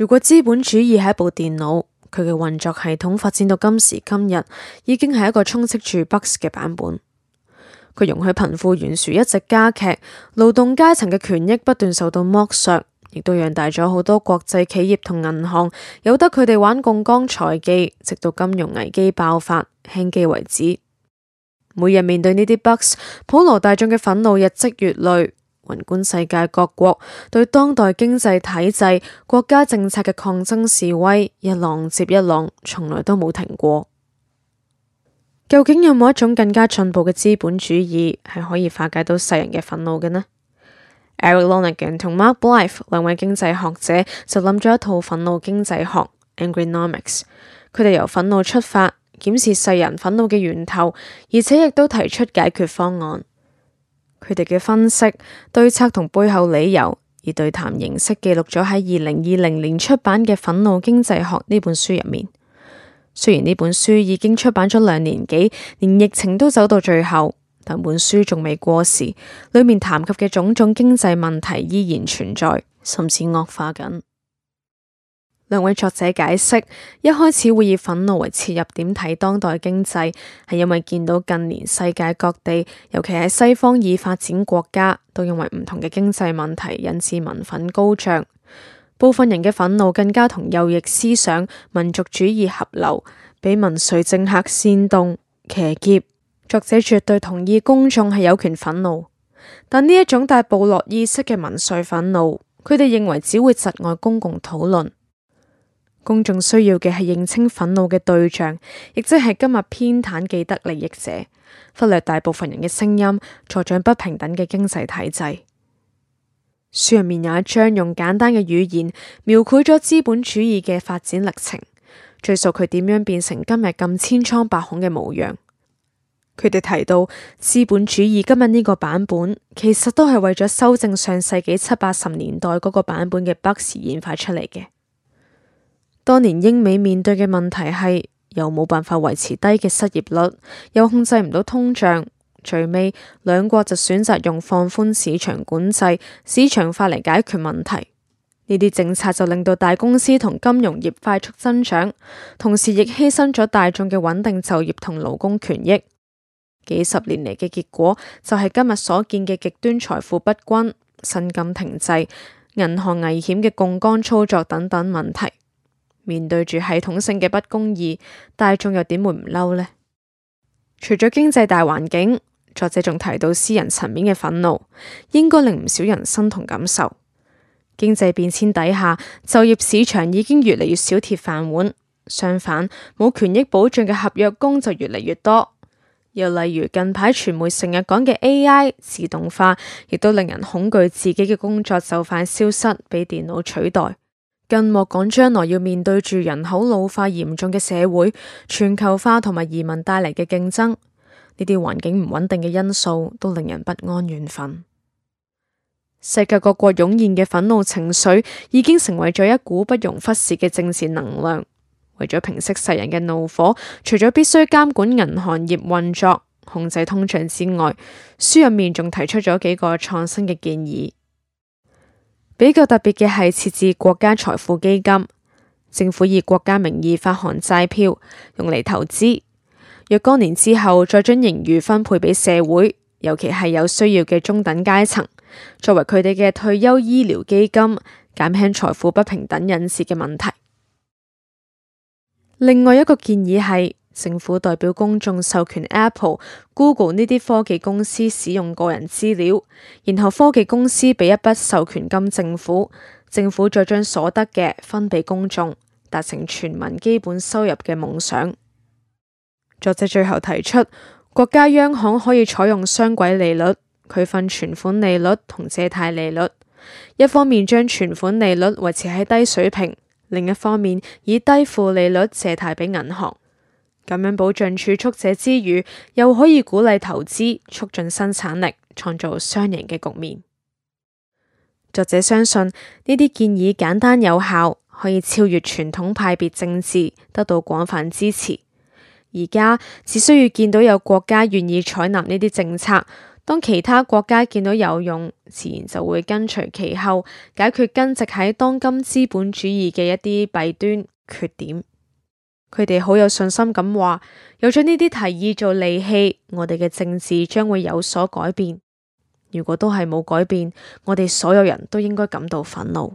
如果資本主義係一部電腦，佢嘅運作系統發展到今時今日，已經係一個充斥住 bugs 嘅版本。佢容許貧富懸殊一直加劇，勞動階層嘅權益不斷受到剝削，亦都讓大咗好多國際企業同銀行由得佢哋玩槓桿財技，直到金融危機爆發，停機為止。每日面對呢啲 bugs，普羅大眾嘅憤怒日積月累。宏觀世界各國對當代經濟體制、國家政策嘅抗爭示威，一浪接一浪，從來都冇停過。究竟有冇一種更加進步嘅資本主義，係可以化解到世人嘅憤怒嘅呢？Eric Lonergan 同 Mark Blyth 兩位經濟學者就諗咗一套憤怒經濟學 （Angrynomics）。佢 Angry 哋由憤怒出發，檢視世人憤怒嘅源頭，而且亦都提出解決方案。佢哋嘅分析、對策同背後理由，以對談形式記錄咗喺二零二零年出版嘅《憤怒經濟學》呢本書入面。雖然呢本書已經出版咗兩年幾，連疫情都走到最後，但本書仲未過時，裏面談及嘅種種經濟問題依然存在，甚至惡化緊。兩位作者解釋，一開始會以憤怒為切入點睇當代經濟，係因為見到近年世界各地，尤其喺西方已發展國家，都因為唔同嘅經濟問題引致民憤高漲。部分人嘅憤怒更加同右翼思想、民族主義合流，俾民粹政客煽動騎劫。作者絕對同意公眾係有權憤怒，但呢一種帶部落意識嘅民粹憤怒，佢哋認為只會窒礙公共討論。公眾需要嘅係認清憤怒嘅對象，亦即係今日偏袒既得利益者，忽略大部分人嘅聲音，助長不平等嘅經濟體制。書上面有一張用簡單嘅語言描繪咗資本主義嘅發展歷程，敘述佢點樣變成今日咁千瘡百孔嘅模樣。佢哋提到資本主義今日呢個版本，其實都係為咗修正上世紀七八十年代嗰個版本嘅北時演化出嚟嘅。當年英美面對嘅問題係又冇辦法維持低嘅失業率，又控制唔到通脹，最尾兩國就選擇用放寬市場管制、市場化嚟解決問題。呢啲政策就令到大公司同金融業快速增長，同時亦犧牲咗大眾嘅穩定就業同勞工權益。幾十年嚟嘅結果就係今日所見嘅極端財富不均、薪金停滯、銀行危險嘅槓桿操作等等問題。面對住系統性嘅不公義，大眾又點會唔嬲呢？除咗經濟大環境，作者仲提到私人層面嘅憤怒，應該令唔少人心同感受。經濟變遷底下，就業市場已經越嚟越少鐵飯碗，相反，冇權益保障嘅合約工就越嚟越多。又例如近排傳媒成日講嘅 AI 自動化，亦都令人恐懼自己嘅工作就快消失，被電腦取代。更莫講將來要面對住人口老化嚴重嘅社會、全球化同埋移民帶嚟嘅競爭，呢啲環境唔穩定嘅因素都令人不安怨憤。世界各國湧現嘅憤怒情緒已經成為咗一股不容忽視嘅政治能量。為咗平息世人嘅怒火，除咗必須監管銀行業運作、控制通脹之外，書入面仲提出咗幾個創新嘅建議。比較特別嘅係設置國家財富基金，政府以國家名義發行債票，用嚟投資。若干年之後再將盈餘分配俾社會，尤其係有需要嘅中等階層，作為佢哋嘅退休醫療基金，減輕財富不平等引致嘅問題。另外一個建議係，政府代表公眾授權 Apple、Google 呢啲科技公司使用個人資料，然後科技公司俾一筆授權金政府，政府再將所得嘅分俾公眾，達成全民基本收入嘅夢想。作者最後提出，國家央行可以採用雙軌利率，區分存款利率同借貸利率。一方面將存款利率維持喺低水平，另一方面以低負利率借貸俾銀行。咁樣保障儲蓄者之餘，又可以鼓勵投資，促進生產力，創造雙贏嘅局面。作者相信呢啲建議簡單有效，可以超越傳統派別政治，得到廣泛支持。而家只需要見到有國家願意採納呢啲政策，當其他國家見到有用，自然就會跟隨其後，解決根植喺當今資本主義嘅一啲弊端缺點。佢哋好有信心咁話，有咗呢啲提議做利器，我哋嘅政治將會有所改變。如果都係冇改變，我哋所有人都應該感到憤怒。